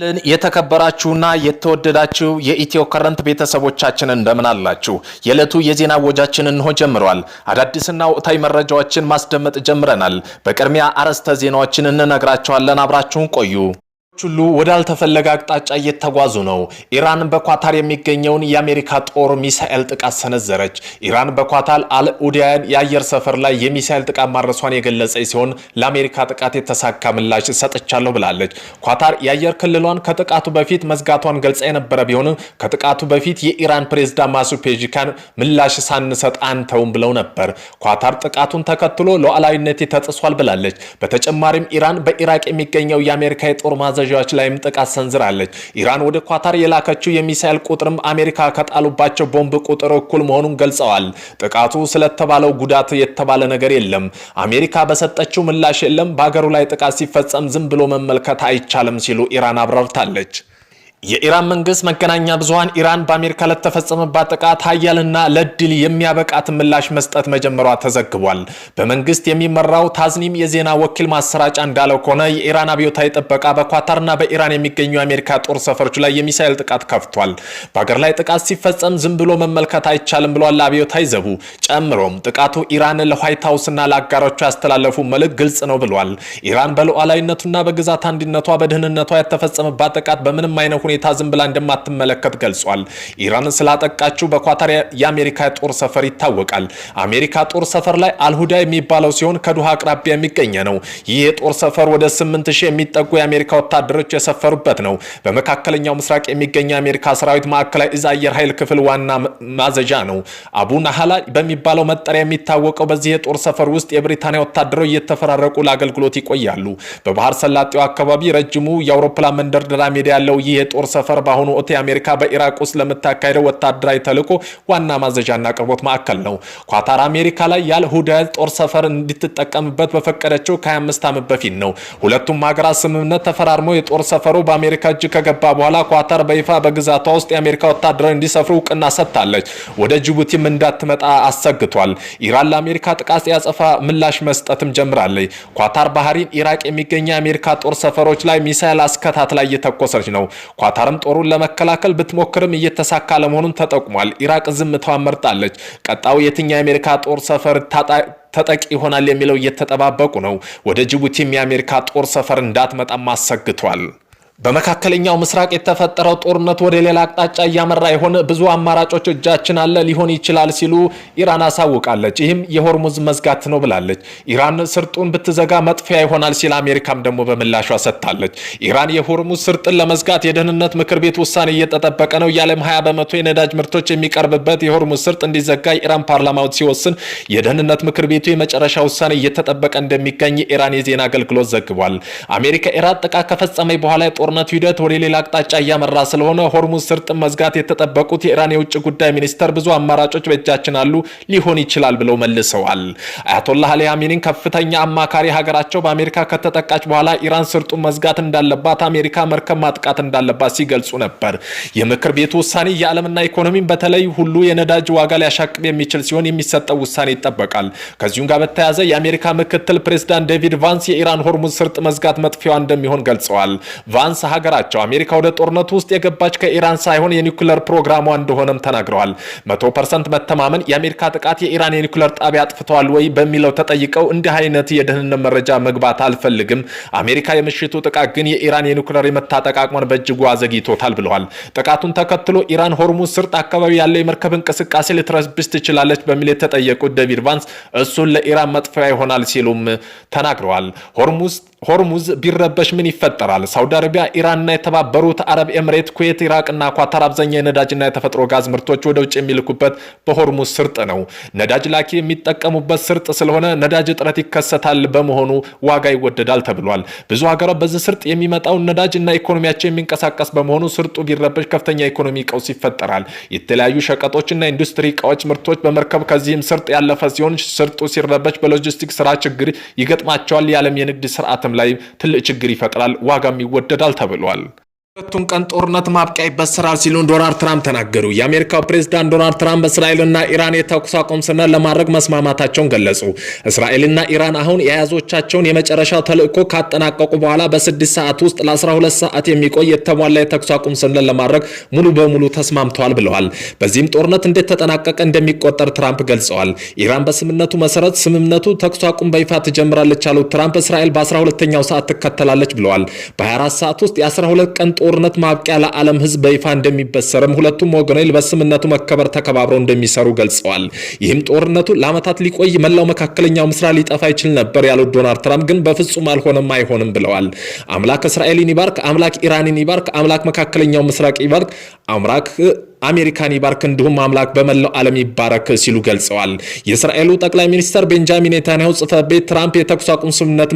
ልን የተከበራችሁና የተወደዳችሁ የኢትዮ ከረንት ቤተሰቦቻችን እንደምን አላችሁ? የዕለቱ የዜና ወጃችን እንሆ ጀምረዋል። አዳዲስና ወቅታዊ መረጃዎችን ማስደመጥ ጀምረናል። በቅድሚያ አርዕስተ ዜናዎችን እንነግራቸዋለን። አብራችሁን ቆዩ። ሁሉ ወዳልተፈለገ አቅጣጫ እየተጓዙ ነው። ኢራን በኳታር የሚገኘውን የአሜሪካ ጦር ሚሳኤል ጥቃት ሰነዘረች። ኢራን በኳታር አልኡዲያን የአየር ሰፈር ላይ የሚሳኤል ጥቃት ማድረሷን የገለጸች ሲሆን ለአሜሪካ ጥቃት የተሳካ ምላሽ ሰጥቻለሁ ብላለች። ኳታር የአየር ክልሏን ከጥቃቱ በፊት መዝጋቷን ገልጻ የነበረ ቢሆንም ከጥቃቱ በፊት የኢራን ፕሬዝዳንት ማሱድ ፔጂካን ምላሽ ሳንሰጥ አንተውም ብለው ነበር። ኳታር ጥቃቱን ተከትሎ ሉዓላዊነቴ ተጥሷል ብላለች። በተጨማሪም ኢራን በኢራቅ የሚገኘው የአሜሪካ የጦር ማዘ ገዢዎች ላይም ጥቃት ሰንዝራለች። ኢራን ወደ ኳታር የላከችው የሚሳኤል ቁጥርም አሜሪካ ከጣሉባቸው ቦምብ ቁጥር እኩል መሆኑን ገልጸዋል። ጥቃቱ ስለተባለው ጉዳት የተባለ ነገር የለም። አሜሪካ በሰጠችው ምላሽ የለም። በሀገሩ ላይ ጥቃት ሲፈጸም ዝም ብሎ መመልከት አይቻልም ሲሉ ኢራን አብራርታለች። የኢራን መንግስት መገናኛ ብዙሃን ኢራን በአሜሪካ ለተፈጸመባት ጥቃት ሀያልና ለድል የሚያበቃት ምላሽ መስጠት መጀመሯ ተዘግቧል። በመንግስት የሚመራው ታዝኒም የዜና ወኪል ማሰራጫ እንዳለው ከሆነ የኢራን አብዮታዊ ጥበቃ በኳታርና በኢራን የሚገኙ የአሜሪካ ጦር ሰፈሮች ላይ የሚሳኤል ጥቃት ከፍቷል። በሀገር ላይ ጥቃት ሲፈጸም ዝም ብሎ መመልከት አይቻልም ብሏል አብዮታዊ ዘቡ። ጨምሮም ጥቃቱ ኢራን ለዋይት ሀውስና ለአጋሮቹ ያስተላለፉ መልእክት ግልጽ ነው ብሏል። ኢራን በሉዓላዊነቱና በግዛት አንድነቷ በደህንነቷ የተፈጸመባት ጥቃት በምንም አይነት ሁኔታ ዝም ብላ እንደማትመለከት ገልጿል። ኢራን ስላጠቃችው በኳታር የአሜሪካ ጦር ሰፈር ይታወቃል። አሜሪካ ጦር ሰፈር ላይ አልሁዳ የሚባለው ሲሆን ከዱሃ አቅራቢያ የሚገኘ ነው። ይህ የጦር ሰፈር ወደ 8000 የሚጠጉ የአሜሪካ ወታደሮች የሰፈሩበት ነው። በመካከለኛው ምስራቅ የሚገኘ የአሜሪካ ሰራዊት ማዕከላዊ እዝ አየር ኃይል ክፍል ዋና ማዘዣ ነው። አቡ ናህላ በሚባለው መጠሪያ የሚታወቀው በዚህ የጦር ሰፈር ውስጥ የብሪታንያ ወታደሮች እየተፈራረቁ ለአገልግሎት ይቆያሉ። በባህር ሰላጤው አካባቢ ረጅሙ የአውሮፕላን መንደርደሪያ ሜዳ ያለው ይህ የጦር ሰፈር በአሁኑ ወቅት የአሜሪካ በኢራቅ ውስጥ ለምታካሄደው ወታደራዊ ተልዕኮ ዋና ማዘዣና አቅርቦት ማዕከል ነው። ኳታር አሜሪካ ላይ የአልሁዳይድ ጦር ሰፈር እንድትጠቀምበት በፈቀደችው ከ25 ዓመት በፊት ነው። ሁለቱም ሀገራት ስምምነት ተፈራርመው የጦር ሰፈሩ በአሜሪካ እጅ ከገባ በኋላ ኳታር በይፋ በግዛቷ ውስጥ የአሜሪካ ወታደራዊ እንዲሰፍሩ እውቅና ሰጥታለች። ወደ ጅቡቲም እንዳትመጣ አሰግቷል። ኢራን ለአሜሪካ ጥቃት ያጸፋ ምላሽ መስጠትም ጀምራለች። ኳታር ባህሪን ኢራቅ የሚገኙ የአሜሪካ ጦር ሰፈሮች ላይ ሚሳይል ላይ እየተኮሰች ነው። ኳታርም ጦሩን ለመከላከል ብትሞክርም እየተሳካ ለመሆኑን ተጠቁሟል። ኢራቅ ዝምታዋን መርጣለች። ቀጣዩ የትኛው የአሜሪካ ጦር ሰፈር ተጠቂ ይሆናል የሚለው እየተጠባበቁ ነው። ወደ ጅቡቲም የአሜሪካ ጦር ሰፈር እንዳትመጣም አሰግቷል። በመካከለኛው ምስራቅ የተፈጠረው ጦርነት ወደ ሌላ አቅጣጫ እያመራ የሆነ ብዙ አማራጮች እጃችን አለ ሊሆን ይችላል ሲሉ ኢራን አሳውቃለች። ይህም የሆርሙዝ መዝጋት ነው ብላለች። ኢራን ስርጡን ብትዘጋ መጥፊያ ይሆናል ሲል አሜሪካም ደግሞ በምላሿ ሰጥታለች። ኢራን የሆርሙዝ ስርጥን ለመዝጋት የደህንነት ምክር ቤት ውሳኔ እየተጠበቀ ነው። የዓለም 20 በመቶ የነዳጅ ምርቶች የሚቀርብበት የሆርሙዝ ስርጥ እንዲዘጋ የኢራን ፓርላማው ሲወስን የደህንነት ምክር ቤቱ የመጨረሻ ውሳኔ እየተጠበቀ እንደሚገኝ የኢራን የዜና አገልግሎት ዘግቧል። አሜሪካ ኢራን ጥቃት ከፈጸመ በኋላ የጦርነቱ ሂደት ወደ ሌላ አቅጣጫ እያመራ ስለሆነ ሆርሙዝ ስርጥ መዝጋት የተጠበቁት የኢራን የውጭ ጉዳይ ሚኒስተር ብዙ አማራጮች በእጃችን አሉ ሊሆን ይችላል ብለው መልሰዋል። አያቶላህ አሊ ሀሚኒን ከፍተኛ አማካሪ ሀገራቸው በአሜሪካ ከተጠቃች በኋላ ኢራን ስርጡን መዝጋት እንዳለባት፣ አሜሪካ መርከብ ማጥቃት እንዳለባት ሲገልጹ ነበር። የምክር ቤቱ ውሳኔ የዓለምና ኢኮኖሚን በተለይ ሁሉ የነዳጅ ዋጋ ሊያሻቅብ የሚችል ሲሆን የሚሰጠው ውሳኔ ይጠበቃል። ከዚሁም ጋር በተያያዘ የአሜሪካ ምክትል ፕሬዚዳንት ዴቪድ ቫንስ የኢራን ሆርሙዝ ስርጥ መዝጋት መጥፊያዋ እንደሚሆን ገልጸዋል። ቫንስ ቢያንስ ሀገራቸው አሜሪካ ወደ ጦርነቱ ውስጥ የገባች ከኢራን ሳይሆን የኒውክለር ፕሮግራሟ እንደሆነም ተናግረዋል። መቶ ፐርሰንት መተማመን የአሜሪካ ጥቃት የኢራን የኒውክለር ጣቢያ አጥፍተዋል ወይ በሚለው ተጠይቀው እንዲህ አይነት የደህንነት መረጃ መግባት አልፈልግም። አሜሪካ የምሽቱ ጥቃት ግን የኢራን የኒውክለር የመታጠቅ አቅሟን በእጅጉ አዘግይቶታል ብለዋል። ጥቃቱን ተከትሎ ኢራን ሆርሙዝ ስርጥ አካባቢ ያለው የመርከብ እንቅስቃሴ ልትረስብስ ትችላለች በሚል የተጠየቁት ዴቪድ ቫንስ እሱን ለኢራን መጥፊያ ይሆናል ሲሉም ተናግረዋል። ሆርሙዝ ቢረበሽ ምን ይፈጠራል? ሳውዲ አረቢያ ኢራንና የተባበሩት አረብ ኤምሬት፣ ኩዌት፣ ኢራቅና ኳታር አብዛኛው የነዳጅና የተፈጥሮ ጋዝ ምርቶች ወደ ውጭ የሚልኩበት በሆርሙዝ ስርጥ ነው። ነዳጅ ላኪ የሚጠቀሙበት ስርጥ ስለሆነ ነዳጅ እጥረት ይከሰታል። በመሆኑ ዋጋ ይወደዳል ተብሏል። ብዙ ሀገራት በዚህ ስርጥ የሚመጣውን ነዳጅ ኢኮኖሚያቸው የሚንቀሳቀስ በመሆኑ ስርጡ ቢረበሽ ከፍተኛ ኢኮኖሚ ቀውስ ይፈጠራል። የተለያዩ ሸቀጦችና ኢንዱስትሪ እቃዎች ምርቶች በመርከብ ከዚህም ስርጥ ያለፈ ሲሆን ስርጡ ሲረበሽ በሎጂስቲክ ስራ ችግር ይገጥማቸዋል። የዓለም የንግድ ስርዓትም ላይ ትልቅ ችግር ይፈጥራል። ዋጋም ይወደዳል ተብሏል። ሁለቱን ቀን ጦርነት ማብቂያ ይበሰራል ሲሉ ዶናልድ ትራምፕ ተናገሩ። የአሜሪካው ፕሬዝዳንት ዶናልድ ትራምፕ እስራኤልና ኢራን የተኩስ አቁም ስምምነት ለማድረግ መስማማታቸውን ገለጹ። እስራኤልና ኢራን አሁን የያዞቻቸውን የመጨረሻ ተልዕኮ ካጠናቀቁ በኋላ በስድስት ሰዓት ውስጥ ለ12 ሰዓት የሚቆይ የተሟላ የተኩስ አቁም ስምምነት ለማድረግ ሙሉ በሙሉ ተስማምተዋል ብለዋል። በዚህም ጦርነት እንዴት ተጠናቀቀ እንደሚቆጠር ትራምፕ ገልጸዋል። ኢራን በስምምነቱ መሰረት ስምምነቱ ተኩስ አቁም በይፋ ትጀምራለች ያሉት ትራምፕ እስራኤል በ12ኛው ሰዓት ትከተላለች ብለዋል። በ24 ሰዓት ውስጥ የ12 ቀን የጦርነት ማብቂያ ለዓለም ህዝብ በይፋ እንደሚበሰርም ሁለቱም ወገኖች በስምነቱ መከበር ተከባብረው እንደሚሰሩ ገልጸዋል። ይህም ጦርነቱ ለዓመታት ሊቆይ መላው መካከለኛው ምስራቅ ሊጠፋ ይችል ነበር ያሉት ዶናልድ ትራምፕ ግን በፍጹም አልሆነም፣ አይሆንም ብለዋል። አምላክ እስራኤልን ይባርክ፣ አምላክ ኢራንን ይባርክ፣ አምላክ መካከለኛው ምስራቅ ይባርክ፣ አምራክ አሜሪካን ይባርክ እንዲሁም አምላክ በመላው ዓለም ይባረክ ሲሉ ገልጸዋል። የእስራኤሉ ጠቅላይ ሚኒስትር ቤንጃሚን ኔታንያሁ ጽህፈት ቤት ትራምፕ የተኩስ አቁም ስምምነት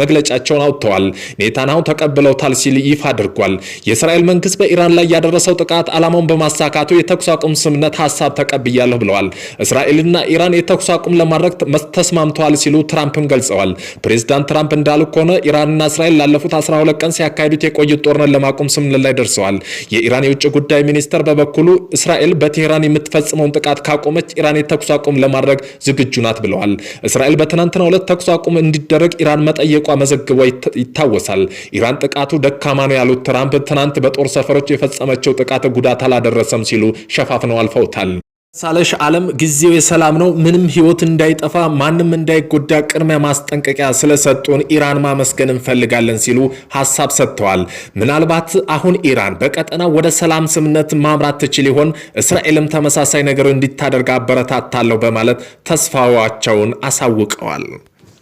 መግለጫቸውን አውጥተዋል፣ ኔታንያሁ ተቀብለውታል ሲል ይፋ አድርጓል። የእስራኤል መንግስት በኢራን ላይ ያደረሰው ጥቃት ዓላማውን በማሳካቱ የተኩስ አቁም ስምምነት ሀሳብ ተቀብያለሁ ብለዋል። እስራኤልና ኢራን የተኩስ አቁም ለማድረግ ተስማምተዋል ሲሉ ትራምፕን ገልጸዋል። ፕሬዚዳንት ትራምፕ እንዳሉ ከሆነ ኢራንና እስራኤል ላለፉት 12 ቀን ሲያካሂዱት የቆዩት ጦርነት ለማቆም ስምምነት ላይ ደርሰዋል። የኢራን የውጭ ጉዳይ ሚኒስትር በበኩሉ እስራኤል በቴህራን የምትፈጽመውን ጥቃት ካቆመች ኢራን የተኩስ አቁም ለማድረግ ዝግጁ ናት ብለዋል። እስራኤል በትናንትናው ዕለት ተኩስ አቁም እንዲደረግ ኢራን መጠየቋ መዘግቧ ይታወሳል። ኢራን ጥቃቱ ደካማ ነው ያሉት ትራምፕ ትናንት በጦር ሰፈሮች የፈጸመቸው ጥቃት ጉዳት አላደረሰም ሲሉ ሸፋፍነው አልፈውታል። ሳለሽ ዓለም ጊዜው የሰላም ነው። ምንም ህይወት እንዳይጠፋ ማንም እንዳይጎዳ ቅድሚያ ማስጠንቀቂያ ስለሰጡን ኢራን ማመስገን እንፈልጋለን ሲሉ ሀሳብ ሰጥተዋል። ምናልባት አሁን ኢራን በቀጠና ወደ ሰላም ስምነት ማምራት ትችል ይሆን? እስራኤልም ተመሳሳይ ነገር እንዲታደርግ አበረታታለሁ በማለት ተስፋዋቸውን አሳውቀዋል።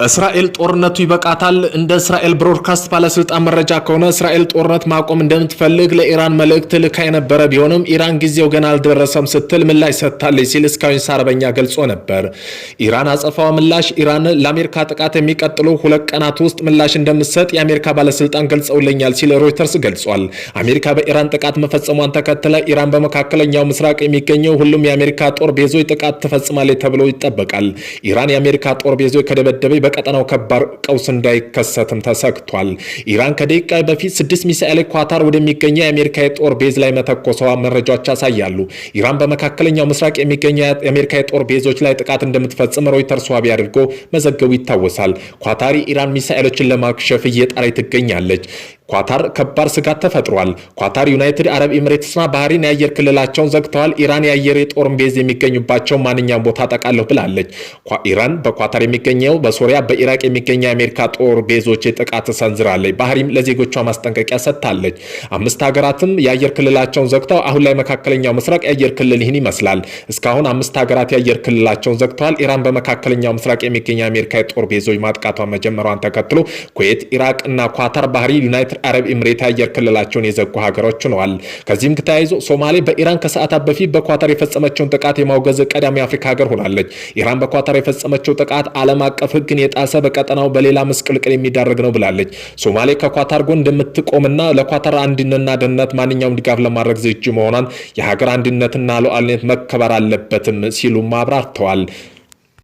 እስራኤል ጦርነቱ ይበቃታል። እንደ እስራኤል ብሮድካስት ባለስልጣን መረጃ ከሆነ እስራኤል ጦርነት ማቆም እንደምትፈልግ ለኢራን መልእክት ልካ የነበረ ቢሆንም ኢራን ጊዜው ገና አልደረሰም ስትል ምላሽ ሰጥታለች ሲል እስካሁን ሳረበኛ ገልጾ ነበር። ኢራን አጸፋዋ ምላሽ ኢራን ለአሜሪካ ጥቃት የሚቀጥሉ ሁለት ቀናት ውስጥ ምላሽ እንደምትሰጥ የአሜሪካ ባለስልጣን ገልጸውልኛል ሲል ሮይተርስ ገልጿል። አሜሪካ በኢራን ጥቃት መፈጸሟን ተከትለ ኢራን በመካከለኛው ምስራቅ የሚገኘው ሁሉም የአሜሪካ ጦር ቤዞች ጥቃት ትፈጽማለች ተብሎ ይጠበቃል። ኢራን የአሜሪካ ጦር ቤዞች ከደበደበ በቀጠናው ከባድ ቀውስ እንዳይከሰትም ተሰግቷል። ኢራን ከደቂቃ በፊት ስድስት ሚሳኤል ኳታር ወደሚገኘው የአሜሪካ የጦር ቤዝ ላይ መተኮሰዋ መረጃዎች ያሳያሉ። ኢራን በመካከለኛው ምስራቅ የሚገኘ የአሜሪካ የጦር ቤዞች ላይ ጥቃት እንደምትፈጽም ሮይተርስ ዋቢ አድርጎ መዘገቡ ይታወሳል። ኳታሪ ኢራን ሚሳኤሎችን ለማክሸፍ እየጣረች ትገኛለች። ኳታር ከባድ ስጋት ተፈጥሯል። ኳታር፣ ዩናይትድ አረብ ኤምሬትስና ባህሪን የአየር ክልላቸውን ዘግተዋል። ኢራን የአየር የጦርን ቤዝ የሚገኙባቸው ማንኛውም ቦታ አጠቃለሁ ብላለች። ኢራን በኳታር የሚገኘው በሶሪያ በኢራቅ የሚገኘ የአሜሪካ ጦር ቤዞች ጥቃት ሰንዝራለች። ባህሪም ለዜጎቿ ማስጠንቀቂያ ሰጥታለች። አምስት ሀገራትም የአየር ክልላቸውን ዘግተው አሁን ላይ መካከለኛው ምስራቅ የአየር ክልል ይህን ይመስላል። እስካሁን አምስት ሀገራት የአየር ክልላቸውን ዘግተዋል። ኢራን በመካከለኛው ምስራቅ የሚገኘ የአሜሪካ የጦር ቤዞች ማጥቃቷን መጀመሯን ተከትሎ ኩዌት፣ ኢራቅ እና ኳታር ባህሪ ዩናይትድ አረብ ኤምሬት አየር ክልላቸውን የዘጉ ሀገሮች ሆነዋል። ከዚህም ተያይዞ ሶማሌ በኢራን ከሰዓታት በፊት በኳታር የፈጸመችውን ጥቃት የማውገዝ ቀዳሚ አፍሪካ ሀገር ሆናለች። ኢራን በኳታር የፈጸመችው ጥቃት ዓለም አቀፍ ሕግን የጣሰ በቀጠናው በሌላ ምስቅልቅል የሚዳረግ ነው ብላለች። ሶማሌ ከኳታር ጎን እንደምትቆምና ለኳታር አንድነትና ደህንነት ማንኛውም ድጋፍ ለማድረግ ዝግጁ መሆኗን የሀገር አንድነትና ሉዓላዊነት መከበር አለበትም ሲሉ አብራርተዋል።